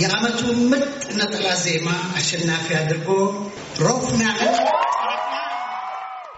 የዓመቱ ምርጥ ነጠላ ዜማ አሸናፊ አድርጎ ሮፍናለት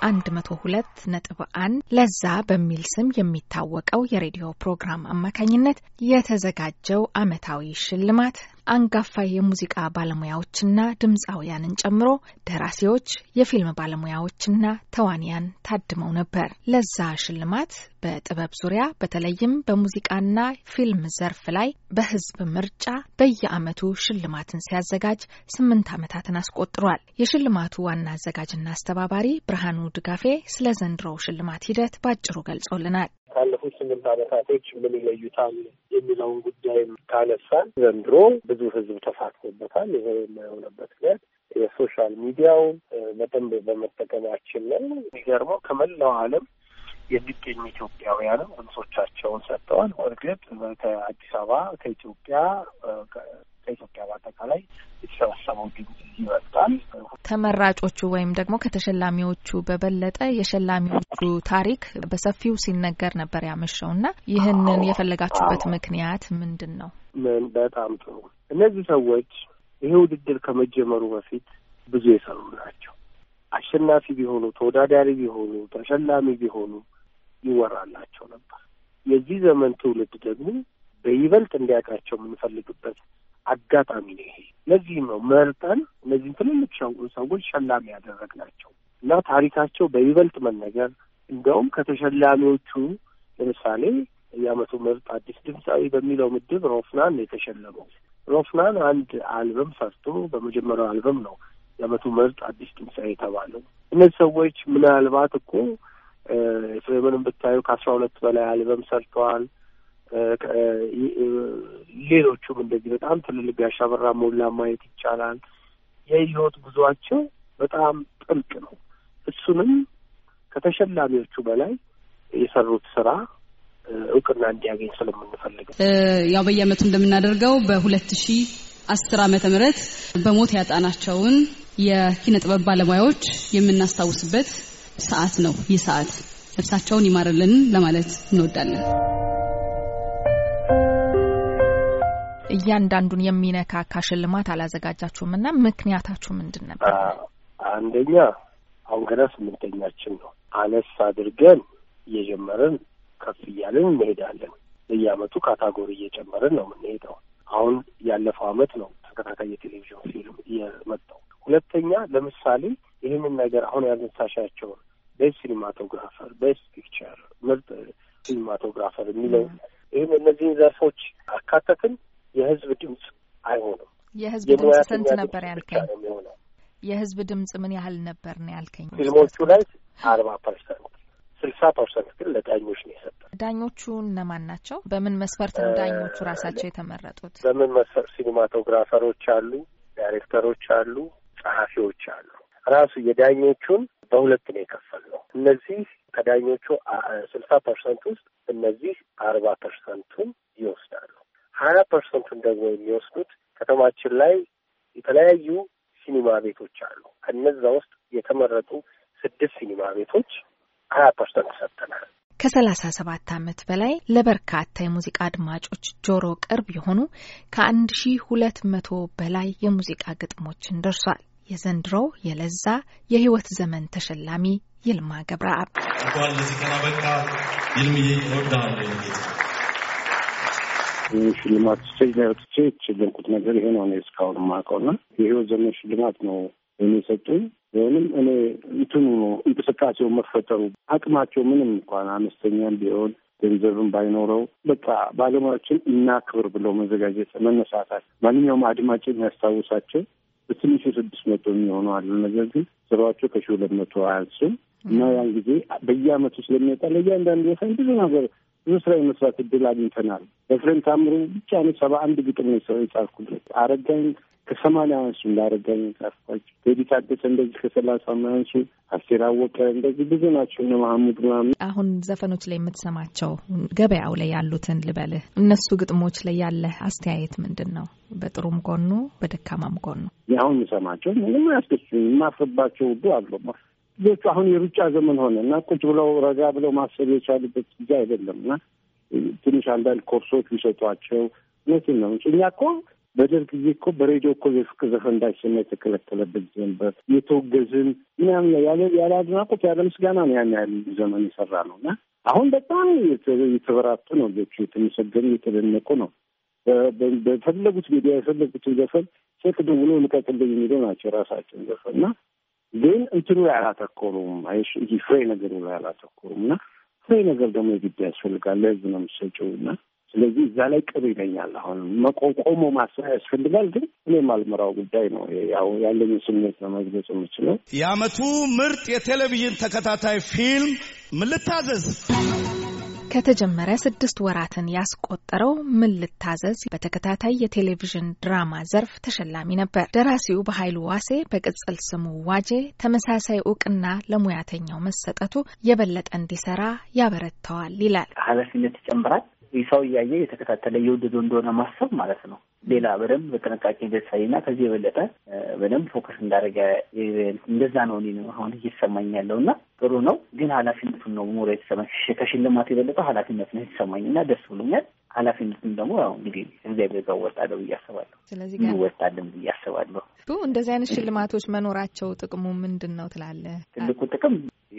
አንድ መቶ ሁለት ነጥብ አንድ ለዛ በሚል ስም የሚታወቀው የሬዲዮ ፕሮግራም አማካኝነት የተዘጋጀው ዓመታዊ ሽልማት አንጋፋ የሙዚቃ ባለሙያዎችና ድምፃውያንን ጨምሮ ደራሲዎች፣ የፊልም ባለሙያዎችና ተዋንያን ታድመው ነበር። ለዛ ሽልማት በጥበብ ዙሪያ በተለይም በሙዚቃና ፊልም ዘርፍ ላይ በህዝብ ምርጫ በየዓመቱ ሽልማትን ሲያዘጋጅ ስምንት ዓመታትን አስቆጥሯል። የሽልማቱ ዋና አዘጋጅና አስተባባሪ ብርሃኑ ድጋፌ ስለ ዘንድሮው ሽልማት ሂደት ባጭሩ ገልጾልናል። ካለፉት ስምንት ዓመታቶች ምን ይለዩታል የሚለውን ጉዳይ ካነሳን ዘንድሮ ብዙ ህዝብ ተሳትፎበታል። ይሄ የማይሆነበት ምክንያት የሶሻል ሚዲያው በደንብ በመጠቀማችን ነው። የሚገርመው ከመላው ዓለም የሚገኙ ኢትዮጵያውያንም ድምጾቻቸውን ሰጥተዋል። እርግጥ ከአዲስ አበባ ከኢትዮጵያ ከኢትዮጵያ በአጠቃላይ የተሰበሰበው ድምጽ ተመራጮቹ ወይም ደግሞ ከተሸላሚዎቹ በበለጠ የሸላሚዎቹ ታሪክ በሰፊው ሲነገር ነበር ያመሸው እና ይህንን የፈለጋችሁበት ምክንያት ምንድን ነው? ምን በጣም ጥሩ። እነዚህ ሰዎች ይሄ ውድድር ከመጀመሩ በፊት ብዙ የሰሩ ናቸው። አሸናፊ ቢሆኑ፣ ተወዳዳሪ ቢሆኑ፣ ተሸላሚ ቢሆኑ ይወራላቸው ነበር። የዚህ ዘመን ትውልድ ደግሞ በይበልጥ እንዲያውቃቸው የምንፈልግበት አጋጣሚ ነው ይሄ። ለዚህም ነው መርጠን እነዚህም ትልልቅ ሰዎች ሸላሚ ናቸው እና ታሪካቸው በይበልጥ መነገር እንደውም ከተሸላሚዎቹ ለምሳሌ የአመቱ ምርጥ አዲስ ድምፃዊ በሚለው ምድብ ሮፍናን የተሸለመው። ሮፍናን አንድ አልበም ሰርቶ በመጀመሪያው አልበም ነው የአመቱ ምርጥ አዲስ ድምፃዊ የተባለው። እነዚህ ሰዎች ምናልባት እኮ ኤፍሬምንም ብታዩ ከአስራ ሁለት በላይ አልበም ሰርተዋል። ሌሎቹም እንደዚህ በጣም ትልልቅ ጋሽ ሞላ ማየት ይቻላል። የህይወት ጉዟቸው በጣም ጥልቅ ነው። እሱንም ከተሸላሚዎቹ በላይ የሰሩት ስራ እውቅና እንዲያገኝ ስለምንፈልግ ያው በየአመቱ እንደምናደርገው በሁለት ሺ አስር አመተ ምህረት በሞት ያጣናቸውን የኪነ ጥበብ ባለሙያዎች የምናስታውስበት ሰዓት ነው። ይህ ሰዓት ነፍሳቸውን ይማርልን ለማለት እንወዳለን። እያንዳንዱን የሚነካካ ሽልማት አላዘጋጃችሁም እና ምክንያታችሁ ምንድን ነበር? አንደኛ አሁን ገና ስምንተኛችን ነው። አነስ አድርገን እየጀመርን ከፍ እያለን እንሄዳለን። በየአመቱ ካታጎሪ እየጨመርን ነው የምንሄደው። አሁን ያለፈው አመት ነው ተከታታይ የቴሌቪዥን ፊልም የመጣው። ሁለተኛ ለምሳሌ ይህንን ነገር አሁን ያነሳሻቸውን ቤስት ሲኒማቶግራፈር፣ ቤስት ፒክቸር፣ ምርጥ ሲኒማቶግራፈር የሚለው ይህም እነዚህን ዘርፎች አካተትን። የህዝብ ድምጽ አይሆንም። የህዝብ ድምፅ ስንት ነበር ያልከኝ? የህዝብ ድምጽ ምን ያህል ነበር ነው ያልከኝ? ፊልሞቹ ላይ አርባ ፐርሰንት፣ ስልሳ ፐርሰንት ግን ለዳኞች ነው የሰጠ። ዳኞቹ እነማን ናቸው? በምን መስፈርት ነው ዳኞቹ ራሳቸው የተመረጡት? በምን መስፈርት? ሲኒማቶግራፈሮች አሉ፣ ዳይሬክተሮች አሉ፣ ጸሐፊዎች አሉ። ራሱ የዳኞቹን በሁለት ነው የከፈል ነው። እነዚህ ከዳኞቹ ስልሳ ፐርሰንት ውስጥ እነዚህ አርባ ፐርሰንቱን ይወስዳሉ። ሀያ ፐርሰንቱን ደግሞ የሚወስዱት ከተማችን ላይ የተለያዩ ሲኒማ ቤቶች አሉ። ከነዛ ውስጥ የተመረጡ ስድስት ሲኒማ ቤቶች ሀያ ፐርሰንት ሰጥተናል። ከሰላሳ ሰባት ዓመት በላይ ለበርካታ የሙዚቃ አድማጮች ጆሮ ቅርብ የሆኑ ከአንድ ሺ ሁለት መቶ በላይ የሙዚቃ ግጥሞችን ደርሷል። የዘንድሮው የለዛ የህይወት ዘመን ተሸላሚ ይልማ ገብረአብ እንኳን ለዚህ ቀን አበቃ ይልምዬ እወዳለሁ ሽልማት ስቴጅ ላይ ወጥቼ የተሸለምኩት ነገር ይሄ ነው። እኔ እስካሁን የማውቀውና የህይወት ዘመን ሽልማት ነው እኔ ሰጡኝ። ወይም እኔ እንትኑ እንቅስቃሴው መፈጠሩ አቅማቸው ምንም እንኳን አነስተኛም ቢሆን ገንዘብም ባይኖረው በቃ ባለሙያዎችን እናክብር ብለው መዘጋጀት መነሳሳት፣ ማንኛውም አድማጭ የሚያስታውሳቸው በትንሹ ስድስት መቶ የሚሆኑ አሉ። ነገር ግን ስራቸው ከሺ ሁለት መቶ አያንስም እና ያን ጊዜ በየአመቱ ስለሚወጣ ለእያንዳንዱ ወሳኝ ብዙ ነገር ብዙ ስራ የመስራት እድል አግኝተናል። በፍሬም ታምሩ ብቻ ነው ሰባ አንድ ግጥም ሰው የጻፍኩበት። አረጋኝ ከሰማንያ እንደ አረጋኝ የጻፍኳቸው ቴዲ ታደሰ እንደዚህ ከሰላሳ ማያንሱ አስቴር አወቀ እንደዚህ ብዙ ናቸው። እነ መሐሙድ ምናምን አሁን ዘፈኖች ላይ የምትሰማቸው ገበያው ላይ ያሉትን ልበልህ፣ እነሱ ግጥሞች ላይ ያለ አስተያየት ምንድን ነው? በጥሩም ጎኑ በደካማም ጎኑ አሁን የምሰማቸው ምንም አያስደሱኝ። የማፍርባቸው ሁሉ አሉ ልጆቹ አሁን የሩጫ ዘመን ሆነ እና ቁጭ ብለው ረጋ ብለው ማሰብ የቻሉበት ጊዜ አይደለም እና ትንሽ አንዳንድ ኮርሶች ቢሰጧቸው እውነትን ነው እኛ እኮ በደርግ ጊዜ እኮ በሬዲዮ እኮ የፍቅር ዘፈን እንዳይሰማ የተከለከለበት ጊዜ ነበር። የተወገዝን ምናምን ያለ አድናቆት ያለ ምስጋና ነው ያን ያህል ዘመን የሰራ ነው እና አሁን በጣም የተበራጡ ነው ልጆቹ፣ የተመሰገኑ የተደነቁ ነው። በፈለጉት ሚዲያ የፈለጉትን ዘፈን ስልክ ደውሎ ልቀቅልኝ የሚለው ናቸው ራሳቸውን ዘፈን እና ግን እንትኑ ላይ አላተኮሩም። ይህ ፍሬ ነገሩ ላይ አላተኮሩም እና ፍሬ ነገር ደግሞ የግድ ያስፈልጋል። ለህዝብ ነው የሚሰጭው እና ስለዚህ እዛ ላይ ቅር ይለኛል። አሁን መቆቆሞ ማሰብ ያስፈልጋል። ግን እኔ ማልመራው ጉዳይ ነው። ያው ያለኝ ስሜት ለመግለጽ የምችለው የአመቱ ምርጥ የቴሌቪዥን ተከታታይ ፊልም ምን ልታዘዝ ከተጀመረ ስድስት ወራትን ያስቆጠረው ምን ልታዘዝ በተከታታይ የቴሌቪዥን ድራማ ዘርፍ ተሸላሚ ነበር። ደራሲው በኃይሉ ዋሴ በቅጽል ስሙ ዋጄ ተመሳሳይ እውቅና ለሙያተኛው መሰጠቱ የበለጠ እንዲሰራ ያበረታዋል ይላል። ኃላፊነት ይጨምራል። ሰው እያየ የተከታተለ እየወደዱ እንደሆነ ማሰብ ማለት ነው። ሌላ በደንብ በጥንቃቄ ደሳይና ከዚህ የበለጠ በደንብ ፎከስ እንዳደረገ እንደዛ ነው። እኔ አሁን እየተሰማኝ ያለው እና ጥሩ ነው፣ ግን ኃላፊነቱን ነው ሞራ የተሰማኝ ከሽልማቱ የበለጠው ኃላፊነት ነው የተሰማኝ እና ደስ ብሎኛል። ኃላፊነቱን ደግሞ ያው እንግዲህ እግዚአብሔር ጋር እወጣለሁ ብዬ አስባለሁ። ስለዚህ ጋር እወጣለን ብዬ አስባለሁ። እንደዚህ አይነት ሽልማቶች መኖራቸው ጥቅሙ ምንድን ነው ትላለህ? ትልቁ ጥቅም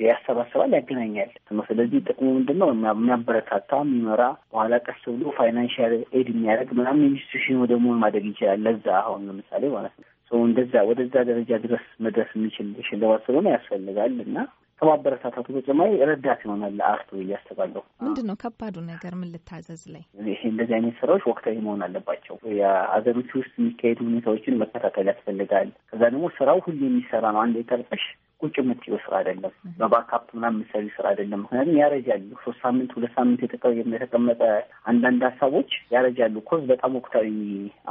ያሰባሰባል፣ ያገናኛል። ስለዚህ ጥቅሙ ምንድን ነው? የሚያበረታታ የሚመራ በኋላ ቀስ ብሎ ፋይናንሽል ኤድ የሚያደርግ ምናምን ኢንስቲቱሽን ወደ ደግሞ ማደግ ይችላል። ለዛ አሁን ለምሳሌ ማለት ነው እንደዛ ወደዛ ደረጃ ድረስ መድረስ የሚችል ሽልማት ስለሆነ ያስፈልጋል እና ከማበረታታቱ በተጨማሪ ረዳት ይሆናል ለአርቱ እያስተባለሁ። ምንድን ነው ከባዱ ነገር? ምን ልታዘዝ ላይ ይሄ እንደዚህ አይነት ስራዎች ወቅታዊ መሆን አለባቸው። የአገሮች ውስጥ የሚካሄዱ ሁኔታዎችን መከታተል ያስፈልጋል። ከዛ ደግሞ ስራው ሁሉ የሚሰራ ነው። አንድ የጠርጠሽ ቁጭ የምትይው ስራ አይደለም። በባካፕ ምናምን የምትሰሪው ስራ አይደለም። ምክንያቱም ያረጃሉ። ሶስት ሳምንት ሁለት ሳምንት የተቀመጠ አንዳንድ ሀሳቦች ያረጃሉ። ኮዝ በጣም ወቅታዊ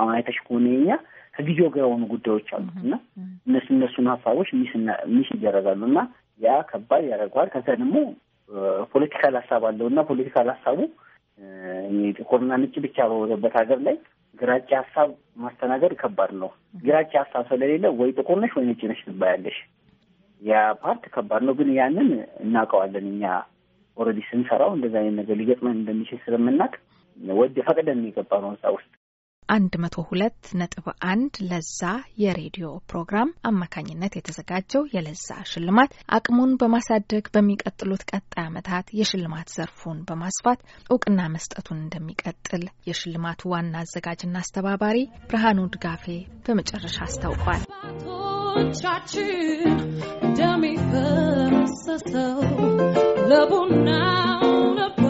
አሁን አይተሽ ከሆነ የኛ ከጊዜው ጋር የሆኑ ጉዳዮች አሉት እና እነሱ እነሱን ሀሳቦች ሚስ ይደረጋሉ እና ያ ከባድ ያደርገዋል። ከዛ ደግሞ ፖለቲካል ሀሳብ አለው እና ፖለቲካል ሀሳቡ ጥቁርና ነጭ ብቻ በሆነበት ሀገር ላይ ግራጫ ሀሳብ ማስተናገድ ከባድ ነው። ግራጫ ሀሳብ ስለሌለ ወይ ጥቁር ነሽ ወይ ነጭ ነሽ ትባያለሽ። ያ ፓርት ከባድ ነው። ግን ያንን እናውቀዋለን እኛ ኦልሬዲ ስንሰራው እንደዚ አይነት ነገር ሊገጥመን እንደሚችል ስለምናውቅ ወደ ፈቅደን የገባ ነው እዛ ውስጥ አንድ መቶ ሁለት ነጥብ አንድ ለዛ የሬዲዮ ፕሮግራም አማካኝነት የተዘጋጀው የለዛ ሽልማት አቅሙን በማሳደግ በሚቀጥሉት ቀጣይ ዓመታት የሽልማት ዘርፉን በማስፋት እውቅና መስጠቱን እንደሚቀጥል የሽልማቱ ዋና አዘጋጅና አስተባባሪ ብርሃኑ ድጋፌ በመጨረሻ አስታውቋል። will touch you. Dummy, so, so. Love will now.